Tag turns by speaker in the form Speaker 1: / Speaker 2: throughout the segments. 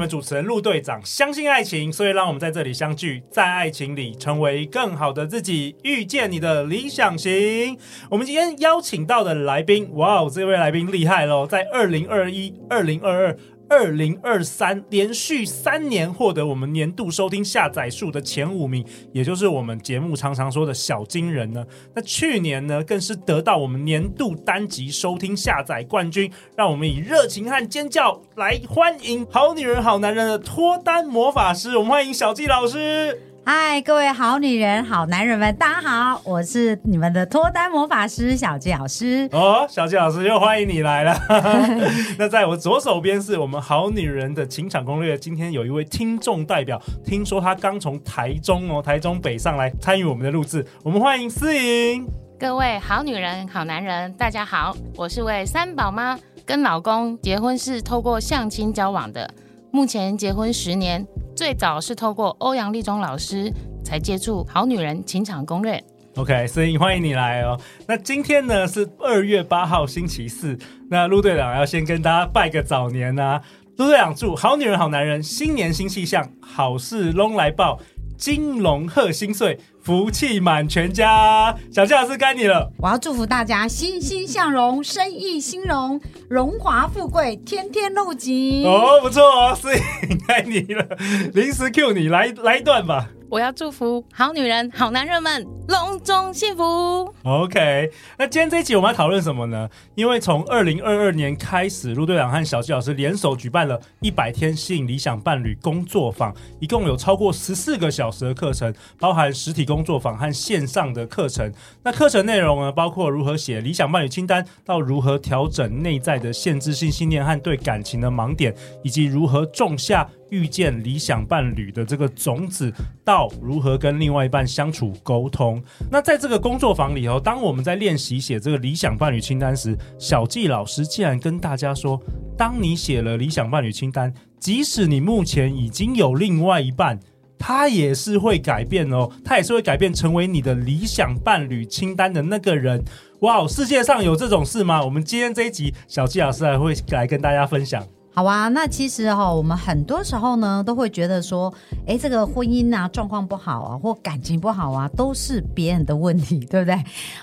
Speaker 1: 我們主持人陸隊長相信愛情，所以讓我們在這裡相聚，在愛情裡成為更好的自己，遇見你的理想型。我們今天邀請到的來賓，哇哦，這位來賓厲害嘍，在二零二一、二零二二。二零二三連續三年獲得我們年度收聽下載數的前五名，也就是我們節目常常說的小金人呢。那去年呢，更是得到我們年度單集收聽下載冠軍。讓我們以熱情和尖叫來歡迎好女人好男人的脫單魔法師，我們歡迎小紀老師。
Speaker 2: 嗨，各位好女人、好男人們，大家好，我是你們的脫單魔法師小紀老師。
Speaker 1: 哦，小紀老師又歡迎你來了。 那在我左手邊是我們好女人的情場攻略。今天有一位聽眾代表，聽說他剛從台中哦，台中北上來參與我們的錄製，我們歡迎思瑩。
Speaker 3: 各位好女人、好男人，大家好，我是位三寶媽，跟老公結婚是透過相親交往的，目前結婚十年。最早是透過歐陽立中老師才接觸《好女人情場攻略》。
Speaker 1: OK，所以歡迎你來哦。那今天呢，是二月八號星期四。那路隊長要先跟大家拜個早年啊，路隊長祝好女人好男人，新年新氣象，好事攏來報。金龍賀新歲，福氣滿全家。小紀老師，該你了，
Speaker 2: 我要祝福大家欣欣向榮，生意興隆，榮華富貴，天天入吉。哦，不
Speaker 1: 錯哦，思瑩該你了，臨時 Q 你，來來一段吧。
Speaker 3: 我要祝福好女人、好男人們，隆重幸福。
Speaker 1: OK，那今天這一集我們要討論什麼呢？因為從二零二二年開始，路隊長和小紀老師聯手舉辦了一百天吸引理想伴侶工作坊，一共有超過十四個小時的課程，包含實體工作坊和線上的課程。那課程內容呢，包括如何寫理想伴侶清單，到如何調整內在的限制性信念和對感情的盲點，以及如何種下遇見理想伴侶的這個種子。到如何跟另外一半相處溝通？那在這個工作坊裡頭哦，當我們在練習寫這個理想伴侶清單時，小紀老師竟然跟大家說：當你寫了理想伴侶清單，即使你目前已經有另外一半，他也是會改變哦，他也是會改變成為你的理想伴侶清單的那個人。哇，世界上有這種事嗎？我們今天這一集，小紀老師還會來跟大家分享。
Speaker 2: 好啊，那其實哈、哦，我們很多時候呢都會覺得說，哎，這個婚姻啊狀況不好啊，或感情不好啊，都是別人的問題，對不對？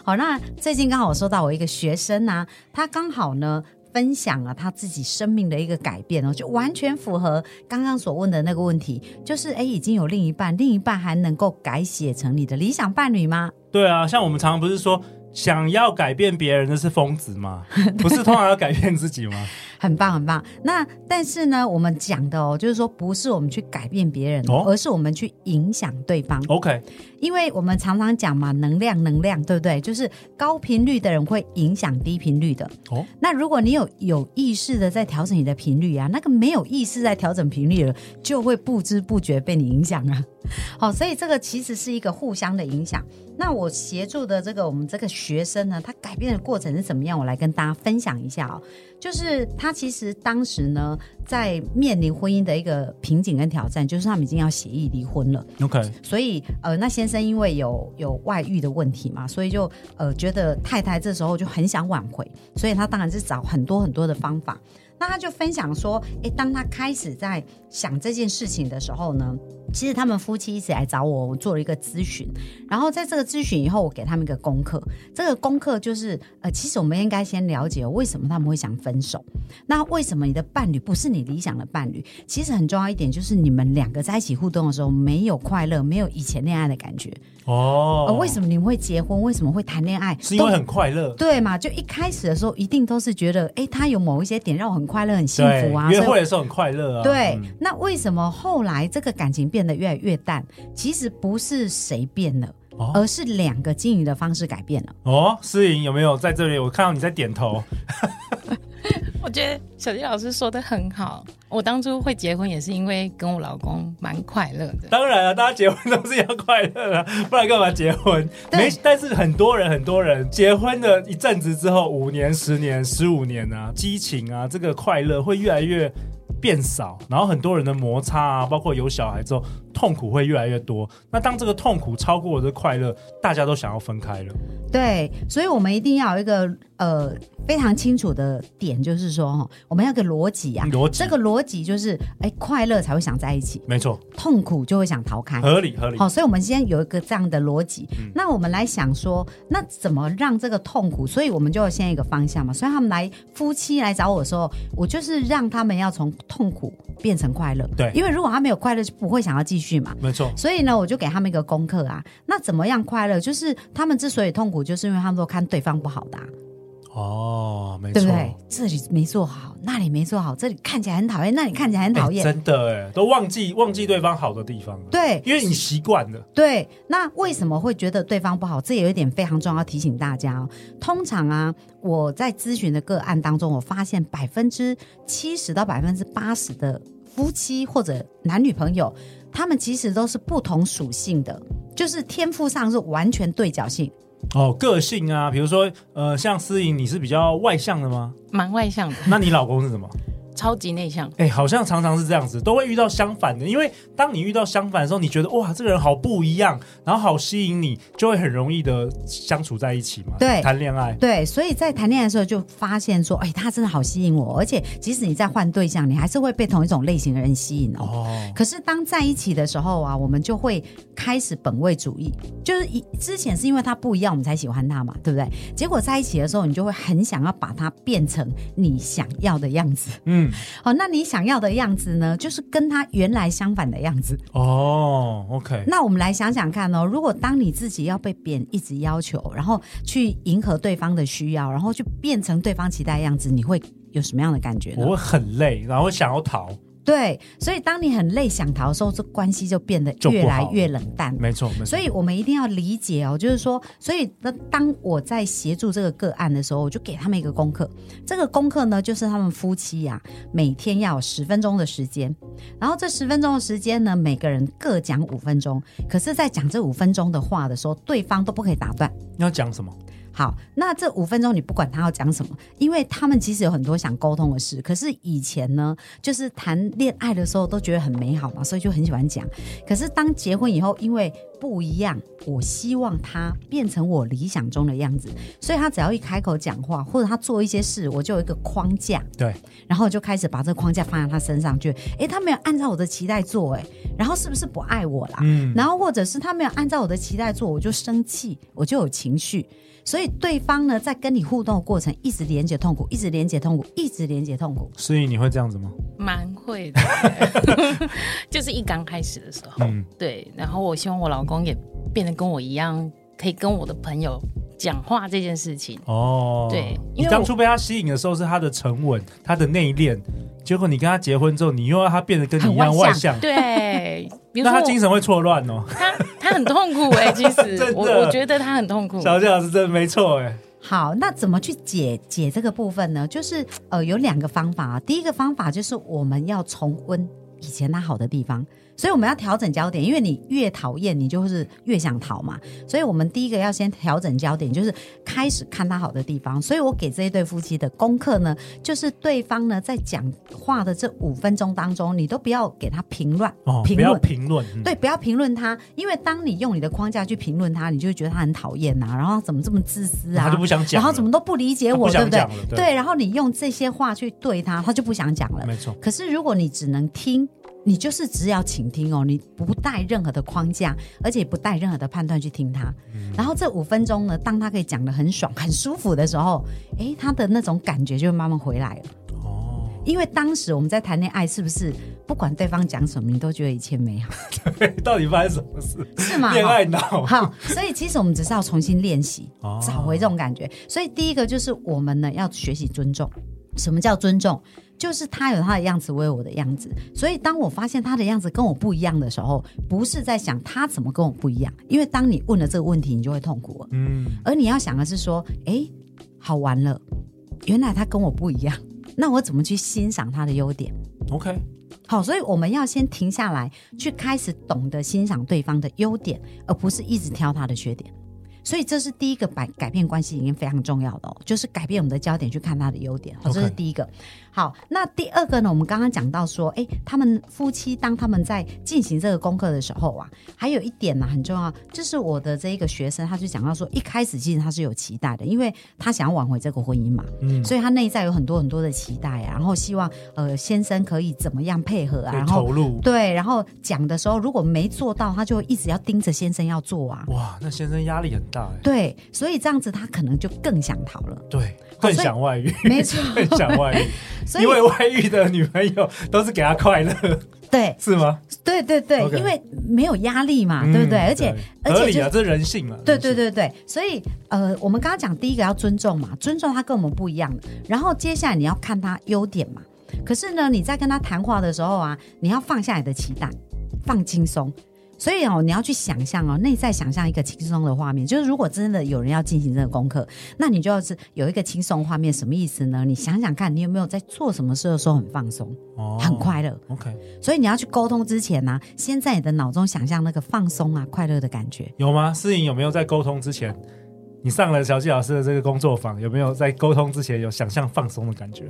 Speaker 2: 好，那最近剛好我收到我一個學生啊，他剛好呢分享了他自己生命的一個改變哦，就完全符合剛剛所問的那個問題，就是哎，已經有另一半，另一半還能夠改寫成你的理想伴侶嗎？
Speaker 1: 對啊，像我們常常不是說，想要改變別人的是瘋子嗎？不是，通常要改變自己嗎？
Speaker 2: 很棒，很棒。那但是呢，我們講的哦、喔，就是說不是我們去改變別人，哦，而是我們去影響對方。OK，因為我們常常講嘛，能量，能量，對不對？就是高頻率的人會影響低頻率的。哦，那如果你有有意識的在調整你的頻率啊，那個沒有意識在調整頻率了，就會不知不覺被你影響啊。好、哦，所以這個其實是一個互相的影響。那我協助的這個我們這個學生呢，他改變的過程是怎麼樣？我來跟大家分享一下哦。就是他其實當時呢，在面臨婚姻的一個瓶頸跟挑戰，就是他們已經要協議離婚了。OK。所以呃，那先生因為有有外遇的問題嘛，所以就呃覺得太太這時候就很想挽回，所以他當然是找很多很多的方法。那他就分享說：“哎、欸，當他開始在想這件事情的時候呢，其實他們夫妻一起來找我，我做了一個諮詢。然後在這個諮詢以後，我給他們一個功課。這個功課就是，呃，其實我們應該先了解為什麼他們會想分手。那為什麼你的伴侶不是你理想的伴侶？其實很重要一點就是，你們兩個在一起互動的時候沒有快樂，沒有以前戀愛的感覺。
Speaker 1: 哦、呃，為
Speaker 2: 什麼你們會結婚？為什麼會談戀愛？是因為很快樂？對嘛？就一開始的時候，一定都是覺得，哎、欸，他有某一些點讓我很。”快樂很幸福啊，約會的
Speaker 1: 時候很快樂啊。對、嗯，
Speaker 2: 那為什麼後來這個感情變得越來越淡？其實不是誰變了，哦、而是兩個經營的方式改變
Speaker 1: 了。哦，思瑩有沒有在這裡？我看到你在點頭。
Speaker 3: 我覺得小紀老師說的很好，我當初會結婚也是因為跟我老公蠻快樂的。
Speaker 1: 當然啊，大家結婚都是要快樂啊，不然幹嘛結婚？沒，但是很多人很多人結婚了一陣子之後，五年、十年、十五年啊，激情啊，這個快樂會越來越變少，然後很多人的摩擦啊，包括有小孩之後。痛苦會越來越多。那當這個痛苦超過我的快樂，大家都想要分開了。
Speaker 2: 對，所以我們一定要有一個呃非常清楚的點，就是說我們要個邏輯啊，邏輯，這個邏輯就是，哎、欸，快樂才會想在一起，沒錯，痛苦就會想逃開，合理合理。好，所以我們今天有一個這樣的邏輯、嗯，那我們來想說，那怎麼讓這個痛苦？所以我們就要先一個方向嘛。所以他們來夫妻來找我的時候，我就是讓他們要從痛苦變成快樂。對，因為如果他沒有快樂，就不會想要繼續。沒錯。所以呢，我就給他們一個功課啊。那怎麼樣快樂？就是他們之所以痛苦，就是因為他們都看對方不好的、
Speaker 1: 啊。哦，沒錯，對，對，
Speaker 2: 對，這裡沒做好，那裡沒做好，這裡看起來很討厭，那裡看起來很討厭、欸。真
Speaker 1: 的哎、欸，都忘記忘記對方好的地方了。對，因為你習慣了。
Speaker 2: 對，那為什麼會覺得對方不好？這也有一點非常重要，要提醒大家、哦。通常啊，我在諮詢的個案當中，我發現百分之七十到百分之八十的夫妻或者男女朋友。他們其實都是不同屬性的，就是天賦
Speaker 3: 上是完全對角性。
Speaker 1: 哦，個性啊，比如說，呃，像思瑩，你是比較外向的嗎？
Speaker 3: 蠻外向的。
Speaker 1: 那你老公是什麼？
Speaker 3: 超級內向，哎、
Speaker 1: 欸，好像常常是這樣子，都會遇到相反的，因為當你遇到相反的時候，你覺得哇，這個人好不一樣，然後好吸引你，就會很容易的相處在一起嘛。對，談戀愛，
Speaker 2: 對，所以在談戀愛的時候就發現說，哎、欸，他真的好吸引我，而且即使你在換對象，你還是會被同一種類型的人吸引、喔、哦。可是當在一起的時候啊，我們就會開始本位主義，就是一之前是因為他不一樣，我們才喜歡他嘛，對不對？結果在一起的時候，你就會很想要把他變成你想要的樣子，嗯。哦、嗯，那你想要的樣子呢？就是跟他原來相反的樣子
Speaker 1: 哦。OK，那
Speaker 2: 我們來想想看哦。如果當你自己要被貶，一直要求，然後去迎合對方的需要，然後去變成對方期待的樣子，你會有什麼樣的感覺呢？我會很
Speaker 1: 累，然後想要逃。嗯
Speaker 2: 對，所以當你很累想逃的時候，這關係就變得越來越冷淡。
Speaker 1: 沒錯，沒錯。所
Speaker 2: 以我們一定要理解哦，就是說，所以那當我在協助這個個案的時候，我就給他們一個功課。這個功課呢，就是他們夫妻呀、啊，每天要有十分鐘的時間，然後這十分鐘的時間呢，每個人各講五分鐘。可是，在講這五分鐘的話的時候，對方都不可以打斷。你要講什麼？好，那這五分鐘你不管他要講什麼，因為他們其實有很多想溝通的事。可是以前呢，就是談戀愛的時候都覺得很美好嘛，所以就很喜歡講。可是當結婚以後，因為不一樣，我希望他變成我理想中的樣子，所以他只要一開口講話或者他做一些事，我就有一個框架。對，然後我就開始把這個框架放在他身上去。就，哎、欸，他沒有按照我的期待做、欸，哎，然後是不是不愛我啦？嗯，然後或者是他沒有按照我的期待做，我就生氣，我就有情緒。所以對方呢，在跟你互動的過程，一直連接痛苦，一直連接痛苦，一直連接痛苦。
Speaker 1: 所以你會這樣子嗎？
Speaker 3: 蠻會的， 就是一剛開始的時候、嗯，對。然後我希望我老公也變得跟我一樣，可以跟我的朋友講話這件事情。哦，
Speaker 1: 對，因為你當初被他吸引的時候是他的沉穩，他的內斂。結果你跟他結婚之後，你又要他變得跟你一樣外向。對，
Speaker 3: 那 他精神會
Speaker 1: 錯亂哦。
Speaker 3: 他很痛苦哎、
Speaker 1: 欸，其實 我，我覺
Speaker 2: 得他很痛苦。小紀
Speaker 1: 老師真的沒錯哎、欸。
Speaker 2: 好，那怎麼去解解這個部分呢？就是呃，有兩個方法啊。第一個方法就是我們要重溫以前他好的地方。所以我們要調整焦點，因為你越討厭，你就是越想逃嘛。所以我們第一個要先調整焦點，就是開始看他好的地方。所以我給這一對夫妻的功課呢，就是對方呢在講話的這五分鐘當中，你都不要給他評、評論、哦，不要評論、嗯，對，不要評論他，因為當你用你的框架去評論他，你就會覺得他很討厭吶、啊，然後怎麼這麼自私啊，他就不想講，然後怎麼都不理解我，對，不想講對？對，然後你用這些話去對他，他就不想講了。沒錯。可是如果你只能聽。你就是只要傾聽哦，你不帶任何的框架，而且不帶任何的判斷去聽他。嗯、然後這五分鐘呢，當他可以講得很爽，很舒服的時候，誒，他的那種感覺就慢慢回來了。哦，因為當時我們在談戀愛，是不是不管對方講什麼，你都覺得一切美好？
Speaker 1: 到底發生什麼事？是嗎？戀愛腦。
Speaker 2: 好，所以其實我們只是要重新練習，找回這種感覺。哦、所以第一個就是我們呢要學習尊重。什麼叫尊重？就是他有他的樣子，我有我的樣子，所以當我發現他的樣子跟我不一樣的時候，不是在想他怎麼跟我不一樣，因為當你問了這個問題，你就會痛苦了，嗯，而你要想的是說，哎、欸，好玩了，原來他跟我不一樣，那我怎麼去欣賞他的優點？OK，好，所以我們要先停下來，去開始懂得欣賞對方的優點，而不是一直挑他的缺點。所以這是第一個改改變關係已經非常重要的、哦、就是改變我們的焦點去看他的優點。Okay. 這是第一個。好，那第二個呢？我們剛剛講到說，哎，他們夫妻當他們在進行這個功課的時候啊，還有一點呢、啊、很重要，就是我的這個學生他就講到說，一開始其實他是有期待的，因為他想要挽回這個婚姻嘛，嗯、所以他內在有很多很多的期待啊，然後希望呃先生可以怎麼樣配合啊，然後投入然後。對，然後講的時候如果沒做到，他就一直要盯着先生要做啊。哇，
Speaker 1: 那先生壓力很大。對，
Speaker 2: 所以這樣子他可能就更想逃了。
Speaker 1: 對，更想外遇，沒錯，更想外遇 所以。因為外遇的女朋友都是給他快樂， 對，是嗎？
Speaker 2: 對對對，okay. 因為沒有壓力嘛，嗯、對不對，對？而且，而且、合理啊，這
Speaker 1: 是人性嘛。
Speaker 2: 對對對對，對，所以呃，我們剛剛講第一個要尊重嘛，尊重他跟我們不一樣。然後接下來你要看他優點嘛。可是呢，你在跟他談話的時候啊，你要放下你的期待，放輕鬆。所以哦，你要去想象哦，內在想象一個輕鬆的畫面。就是如果真的有人要進行這個功課，那你就要是有一個輕鬆畫面，什麼意思呢？你想想看，你有沒有在做什麼事的時候很放鬆、哦、很快樂？OK。所以你要去溝通之前呢、啊，先在你的腦中想象那個放鬆啊、快樂的感覺。
Speaker 1: 有嗎？思瑩有沒有在溝通之前，你上了小紀老師的這個工作坊，有沒有在溝通之前有想象放鬆的感覺？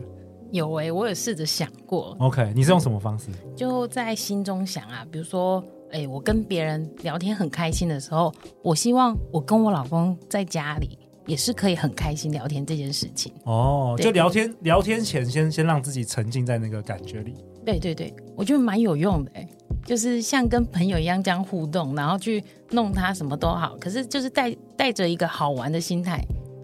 Speaker 3: 有哎、欸，我也試着想過。OK，你是用什麼方式？嗯、就在心中想啊，比如說。哎、欸，我跟別人聊天很開心的時候，我希望我跟我老公在家裡也是可以很開心聊天這件事情哦。
Speaker 1: 就聊天，聊天前先先讓自己沉浸在那個感覺裡。
Speaker 3: 對對對，我覺得蠻有用的、欸。哎，就是像跟朋友一樣這樣互動，然後去弄他什麼都好。可是就是帶帶着一個好玩的心態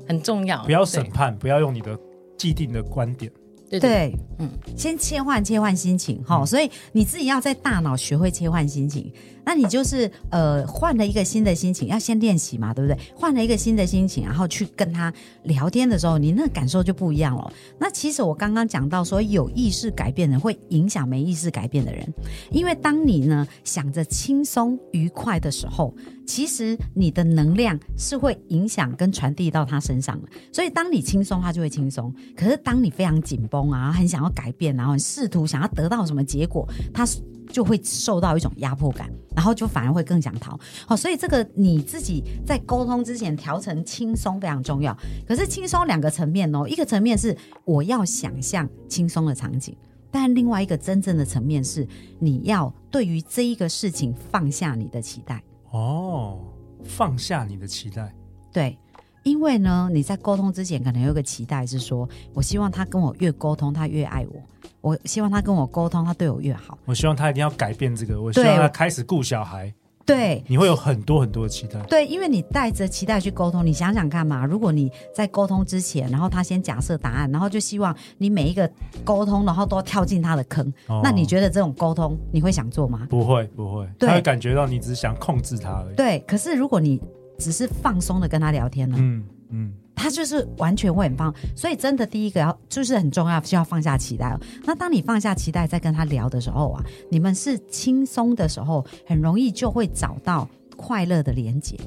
Speaker 3: 很重要，不要審
Speaker 1: 判，不要用你的既定的觀點。
Speaker 3: 對，嗯，先切換切換心情哈，所以你自己
Speaker 2: 要在大腦學會切換心情。那你就是呃，換了一個新的心情，要先練習嘛，對不對？換了一個新的心情，然後去跟他聊天的時候，你那個感受就不一樣了。那其實我剛剛講到說，有意識改變的人會影響沒意識改變的人，因為當你呢想着輕鬆愉快的時候，其實你的能量是會影響跟傳遞到他身上的。所以當你輕鬆，他就會輕鬆；可是當你非常緊繃啊，很想要改變，然後試圖想要得到什麼結果，他就會受到一種壓迫感，然後就反而會更想逃。好，哦，所以這個你自己在溝通之前調成輕鬆非常重要。可是輕鬆兩個層面哦，一個層面是我要想象輕鬆的場景，但另外一個真正的層面是你要對於這一個事情放下你的期待。哦，放下你的期待，對。因為呢，你在溝通之前可能有一個期待是說，我希望他跟我越溝通，他越愛我；我希望他跟我溝通，他對我越好；
Speaker 1: 我希望他一定要改變這個；我希望他開始顧小孩。
Speaker 2: 對，
Speaker 1: 你會有很多很多的期待。
Speaker 2: 對，因為你帶着期待去溝通，你想想看嘛，如果你在溝通之前，然後他先假設答案，然後就希望你每一個溝通，然後都要跳進他的坑，哦，那你覺得這種溝通你會想做嗎？
Speaker 1: 不會，不會，他會感覺到你只是想控制他而
Speaker 2: 已。對，可是如果你。只是放鬆的跟他聊天了，嗯嗯，他就是完全會很棒，所以真的第一個要就是很重要，就要放下期待哦。那當你放下期待，在跟他聊的時候啊，你們是輕鬆的時候，很容易就會找到快樂的連接。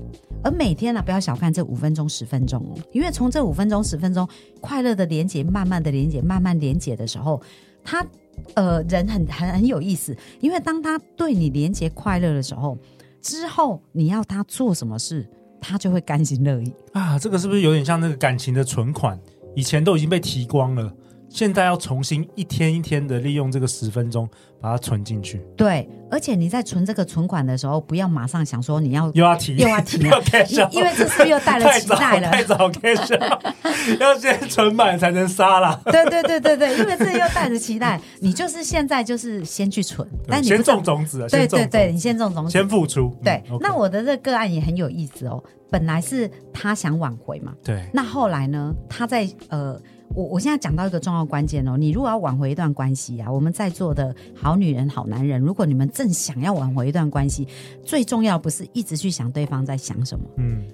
Speaker 2: 而每天呢、啊，不要小看這五分鐘十分鐘哦，因為從這五分鐘十分鐘快樂的連接，慢慢的連接，慢慢連接的時候，他呃人很很很有意思，因為當他對你連接快樂的時候。之後你要他做什麼事，他就會甘心樂意。
Speaker 1: 啊，這個是不是有點像那個感情的存款，以前都已經被提光了？現在要重新一天一天的利用這個十分鐘把它存進去。
Speaker 2: 對，而且你在存這個存款的時候，不要馬上想說你要又要提又要提要 cash， 因為這次又帶了期待了。太早
Speaker 1: 太早 cash 要先存滿才能殺啦。對對對對對，因為這又帶着
Speaker 2: 期待， 你就是現在就是先去存，那你先種種，先種種子。對對對，你先種種子，先
Speaker 1: 付出。嗯、對、嗯 okay，那
Speaker 2: 我的這個，個案也很有意思哦，本來是他想挽回嘛，對，那後來呢，他在呃。我我現在講到一個重要關鍵哦，你如果要挽回一段關係啊，我們在座的好女人、好男人，如果你們正想要挽回一段關係，最重要不是一直去想對方在想什麼，嗯，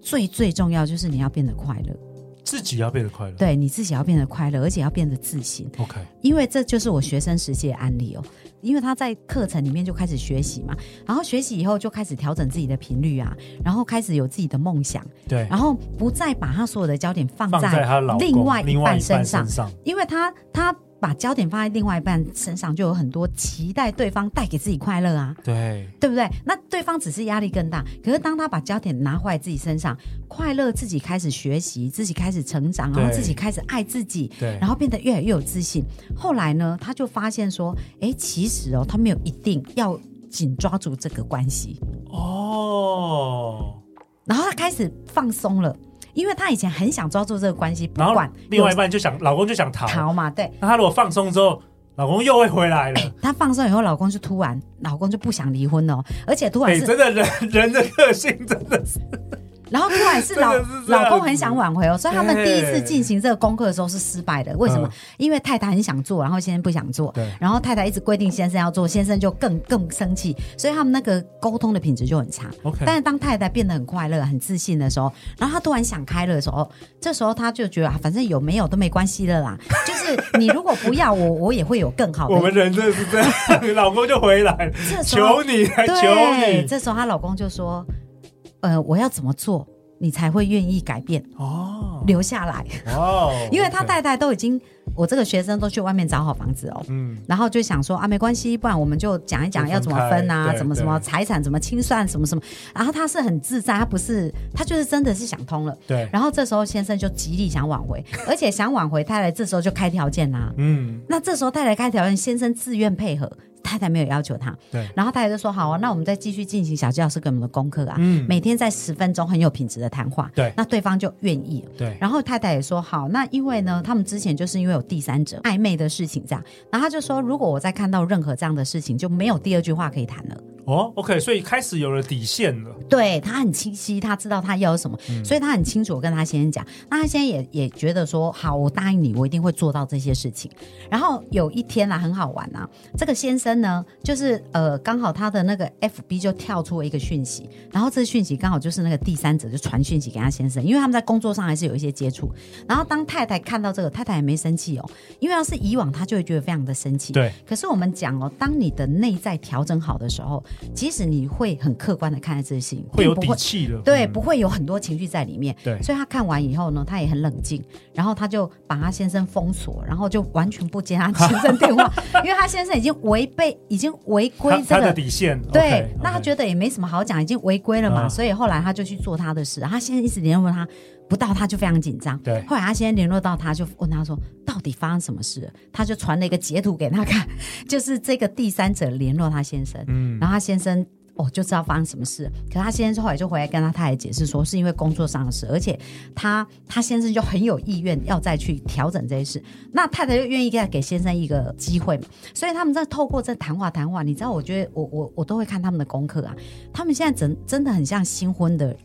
Speaker 2: 最最重要就是你要變得快樂。
Speaker 1: 自己要變得快樂，對，
Speaker 2: 你自己要變得快樂，而且要變得自信。OK，因為這就是我學生時期的案例哦，因為他在課程裡面就開始學習嘛，然後學習以後就開始調整自己的頻率啊，然後開始有自己的夢想，對，然後不再把他所有的焦點放在，放在他另外另外一半身上，因為他他。把焦點放在另外一半身上，就有很多期待對方帶給自己快樂啊。對，對不對？那對方只是壓力更大。可是當他把焦點拿回來自己身上，快樂自己開始學習，自己開始成長，然後自己開始愛自己，對，然後變得越來越有自信。後來呢，他就發現說，哎，其實哦，他沒有一定要緊抓住這個關係哦。然後他開始放鬆了。因為他以前很想抓住這個關係，不管，然後另外一半就想，老公就想逃逃嘛，對。那他如果放鬆之後，老公又會回來了。欸，他放鬆以後，老公就突然，老公就不想離婚了，哦，而且突然是，欸，真的
Speaker 1: 人 人的個性真的是。 然後突然是老老公很想
Speaker 2: 挽回哦，所以他們第一次進行這個功課的時候是失敗的。為什麼？因為太太很想做，然後先生不想做，對，然後太太一直規定先生要做，先生就更更生氣，所以他們那個溝通的品質就很差。Okay. 但是當太太變得很快樂、很自信的時候，然後她突然想開了的時候，這時候她就覺得啊，反正有沒有都沒關係了啦， 就是你如果不要我，我也會有更好的。我們
Speaker 1: 人真的是這樣， 你老公就回來了，
Speaker 2: 求你，求你。這時候她老公就說。呃，我要怎麼做，你才會願意改變哦？留下來哦， 因為他太太都已經，哦 okay. 我這個學生都去外面找好房子哦，嗯，然後就想說啊，沒關係，不然我們就講一講要怎麼分啊，怎麼什麼財產怎麼清算什麼什麼，然後他是很自在，他不是，他就是真的是想通了，對。然後這時候先生就極力想挽回， 而且想挽回太太，來這時候就開條件啊，嗯，那這時候太太開條件，先生自願配合。太太沒有要求他，對，然後太太就說好啊，哦，那我們再繼續進行小紀老師給我們的功課啊，嗯，每天在十分鐘很有品質的談話，對，那對方就願意，對，然後太太也說好，那因為呢，他們之前就是因為有第三者曖昧的事情這樣，然後他就說，如果我再看到任何這樣的事情，就沒有第二句話可以談了。
Speaker 1: 哦，OK，所以開始有了底線了。
Speaker 2: 對，他很清晰，他知道他要什麼，嗯，所以他很清楚，我跟他先生講。那他現在也也覺得說，好，我答應你，我一定會做到這些事情。然後有一天啦，很好玩吶，這個先生呢，就是呃，剛好他的那個 FB 就跳出了一個訊息，然後這個訊息剛好就是那個第三者就傳訊息給他先生，因為他們在工作上還是有一些接觸。然後當太太看到這個，太太也沒生氣哦，因為要是以往他就會覺得非常的生氣。對，可是我們講哦，當你的內在調整好的時候。即使你會很客觀的看待事情，會有底氣的。嗯、對，不會有很多情緒在裡面。對，所以他看完以後呢，他也很冷靜，然後他就把他先生封鎖，然後就完全不接他先生電話， 因為他先生已經違背、已經違規這個他他的底線。對，OK, 那他覺得也沒什麼好講，OK, 已經違規了嘛、OK，所以後來他就去做他的事。他先生一直聯絡他。不到他就非常緊張，對。後來他先聯絡到他，就問他說：“到底發生什麼事？”他就傳了一個截圖給他看， 就是這個第三者聯絡他先生，嗯，然後他先生哦就知道發生什麼事。可是他先生後來就回來跟他太太解釋說，是因為工作上的事，而且他他先生就很有意願要再去調整這些事。那太太又願意給他給先生一個機會嘛？所以他們在透過這談話談話，你知道，我覺得我我我都會看他們的功課啊。他們現在真真的很像新婚的。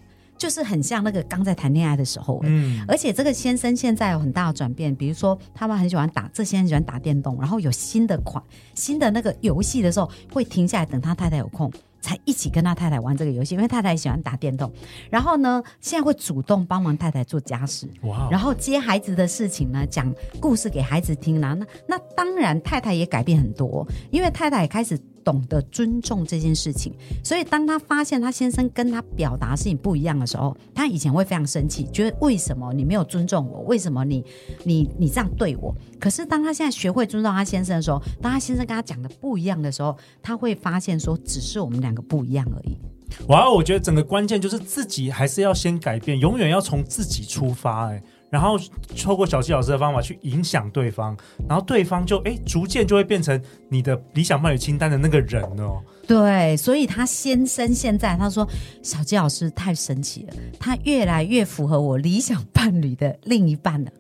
Speaker 2: 就是很像那個剛在談戀愛的時候、欸，嗯，而且這個先生現在有很大的轉變，比如說他們很喜歡打，這些人喜歡打電動，然後有新的款、新的那個遊戲的時候，會停下來等他太太有空，才一起跟他太太玩這個遊戲，因為太太喜歡打電動。然後呢，現在會主動幫忙太太做家事，哇、哦，然後接孩子的事情呢，講故事給孩子聽、啊。然那那當然太太也改變很多，因為太太也開始。懂得尊重這件事情，所以當他發現他先生跟他表達的事情不一樣的時候，他以前會非常生氣，覺得為什麼你沒有尊重我？為什麼你、你、你這樣對我？可是當他現在學會尊重他先生的時候，當他先生跟他講的不一樣的時候，他會發現說，只是我們兩個不一樣而已。
Speaker 1: 哇、wow，我覺得整個關鍵就是自己還是要先改變，永遠要從自己出發、欸。哎。然後透過小紀老師的方法去影響對方，然後對方就哎逐漸就會變成你的理想伴侶清單的那個人哦。
Speaker 2: 對，所以他先生現在他說，小紀老師太神奇了，他越來越符合我理想伴侶的另一半了。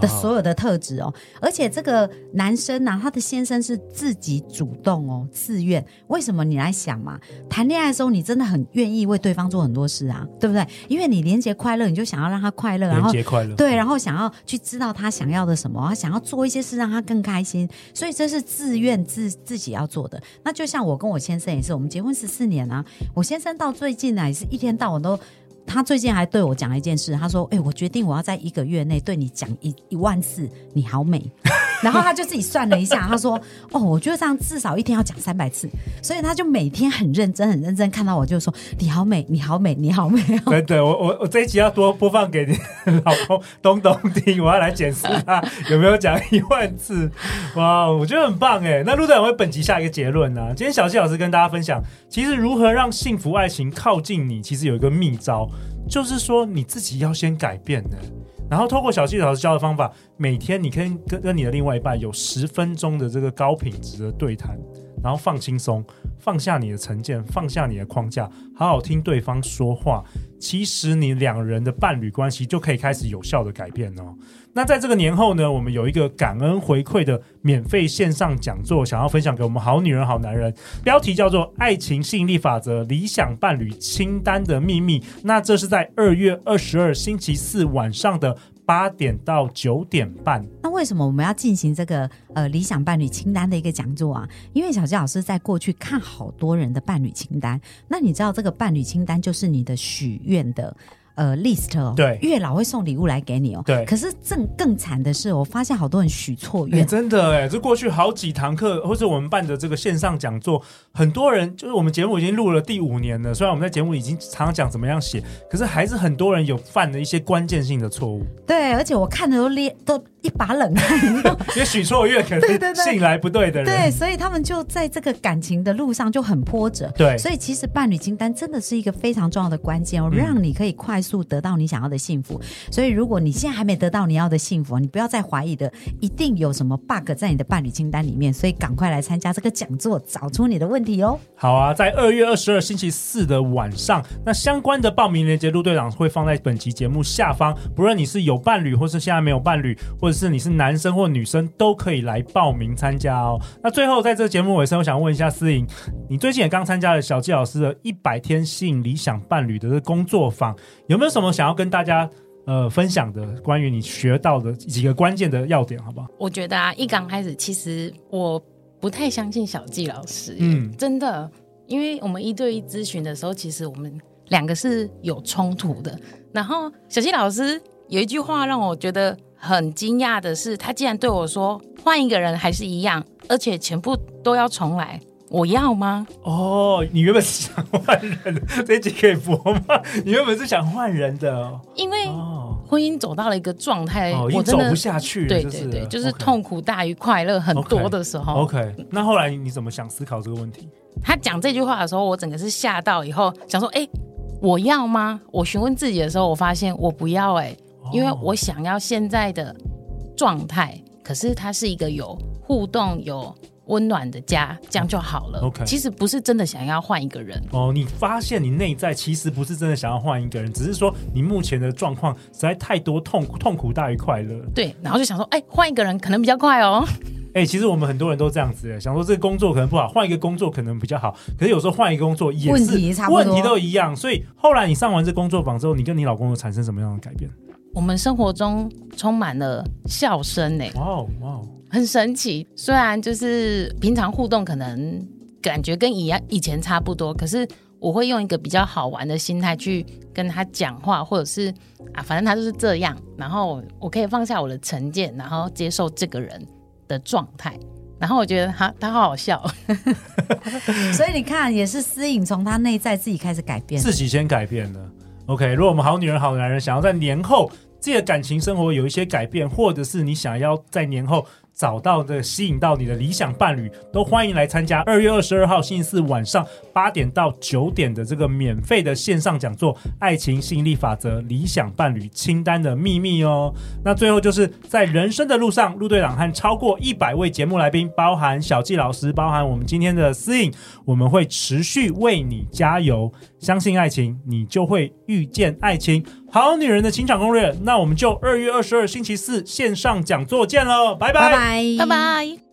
Speaker 2: 的所有的特質哦，而且這個男生呢、啊，他的先生是自己主動哦，自願。為什麼？你來想嘛，談戀愛的時候，你真的很願意為對方做很多事啊，對不對？因為你連接快樂，你就想要讓他快樂，然後連接快樂，對，然後想要去知道他想要的什麼、啊，想要做一些事讓他更開心。所以這是自願自自己要做的。那就像我跟我先生也是，我們結婚十四年啊，我先生到最近呢、啊、也是一天到晚都。他最近還對我講了一件事，他說：“哎，我決定我要在一個月內對你講一一萬次，你好美。” 然後他就自己算了一下， 他說：“哦，我覺得這樣至少一天要講三百次，所以他就每天很認真、很認真看到我，就說：你好美，你好美，你好美，哦。”對
Speaker 1: 對，我我我這一集要多播放給你老公東東聽，我要來檢視他有沒有講一萬次。哇，我覺得很棒哎！那路隊長會本集下一個結論呢？啊？今天小紀老師跟大家分享，其實如何讓幸福愛情靠近你，其實有一個祕招，就是說你自己要先改變的。然後通過小紀老師教的方法，每天你可以跟跟你的另外一半有十分鐘的這個高品質的對談。然後放輕鬆，放下你的成見，放下你的框架，好好聽對方說話。其實你兩人的伴侶關係就可以開始有效的改變哦。那在這個年後呢，我們有一個感恩回饋的免費線上講座，想要分享給我們好女人、好男人，標題叫做《愛情吸引力法則：理想伴侶清單的秘密》。那這是在二月二十二星期四晚上的。八點到九點半。
Speaker 2: 那為什麼我們要進行這個呃理想伴侶清單的一個講座啊？因為小紀老師在過去看好多人的伴侶清單。那你知道這個伴侶清單就是你的許願的。呃，list 哦，對，月老會送禮物來給你哦，對。可是正更慘的是，我發現好多人許錯願，欸。
Speaker 1: 真的哎，這過去好幾堂課，或者我們辦的這個線上講座，很多人就是我們節目已經錄了第五年了。雖然我們在節目已經常常講怎麼樣寫，可是還是很多人有犯了一些關鍵性的錯誤。
Speaker 2: 對，而且我看的都裂都。一把冷
Speaker 1: 汗， 也許錯越肯定信來不對的人， 對，對，所
Speaker 2: 以他們就在這個感情的路上就很波折。對，所以其實伴侶清單真的是一個非常重要的關鍵哦，讓你可以快速得到你想要的幸福。所以如果你現在還沒得到你要的幸福，你不要再懷疑的，一定有什麼 bug 在你的伴侶清單裡面。所以趕快來參加這個講座，找出你的問題哦、喔。
Speaker 1: 好啊，在二月二十二星期四的晚上，那相關的報名鏈接，路隊長會放在本期節目下方。不論你是有伴侶，或是現在沒有伴侶，或者是，你是男生或女生都可以來報名參加哦。那最後，在這個節目尾聲，我想問一下思瑩，你最近也剛參加了小紀老師的一百天吸引理想伴侶的工作坊，有沒有什麼想要跟大家呃分享的關於你學到的幾個關鍵的要點？
Speaker 3: 好不好？我覺得啊，一剛開始其實我不太相信小紀老師，嗯，真的，因為我們一對一諮詢的時候，其實我們兩個是有衝突的。然後小紀老師有一句話讓我覺得。很驚訝的是，他竟然對我說：“換一個人還是一樣，而且全部都要重來。”我要嗎？哦，你原本是想換人的，這一集可以播嗎？你原本是想
Speaker 1: 換人的、
Speaker 3: 哦，因為婚姻走到了一個狀態、哦，我、哦、走不下去，對對對，就是痛苦大於快樂很多的時候。Okay. Okay. OK，
Speaker 1: 那後來你怎麼想思考這個問題？
Speaker 3: 他講這句話的時候，我整個是嚇到，以後想說：“哎、欸，我要嗎？”我詢問自己的時候，我發現我不要、欸。哎。因為我想要現在的狀態，可是它是一個有互動、有溫暖的家，這樣就好了。哦 okay、其實不是真的想要換一個人
Speaker 1: 哦。你發現你內在其實不是真的想要換一個人，只是說你目前的狀況實在太多痛、痛苦大於快樂。
Speaker 3: 對，然後就想說，哎、欸，換一個人可能比較快哦。哎、
Speaker 1: 欸，其實我們很多人都這樣子，想說這個工作可能不好，換一個工作可能比較好。可是有時候換一個工作也是問題，也問題都一樣。所以後來你上完這工作坊之後，你跟你老公有產生什麼樣的改變？
Speaker 3: 我們生活中充滿了笑聲、欸，哎，哇哇，很神奇。雖然就是平常互動可能感覺跟以以前差不多，可是我會用一個比較好玩的心態去跟他講話，或者是啊，反正他就是這樣。然後我可以放下我的成見，然後接受這個人的狀態。然後我覺得他他好好笑， 所以你看，也是思瑩從他內在自己開始改變，自
Speaker 1: 己先改變的。OK，如果我們好女人好男人想要在年後。自己的感情生活有一些改變，或者是你想要在年後找到的、吸引到你的理想伴侶，都歡迎來參加二月二十二號星期四晚上八點到九點的這個免費的線上講座《愛情吸引力法則：理想伴侶清單的秘密》哦。那最後就是在人生的路上，路隊長和超過一百位節目來賓，包含小紀老師，包含我們今天的思瑩，我們會持續為你加油。相信愛情，你就會遇見愛情。好女人的情場攻略，那我們就二月二十二星期四線上講座見嘍，拜拜，拜拜。Bye bye bye bye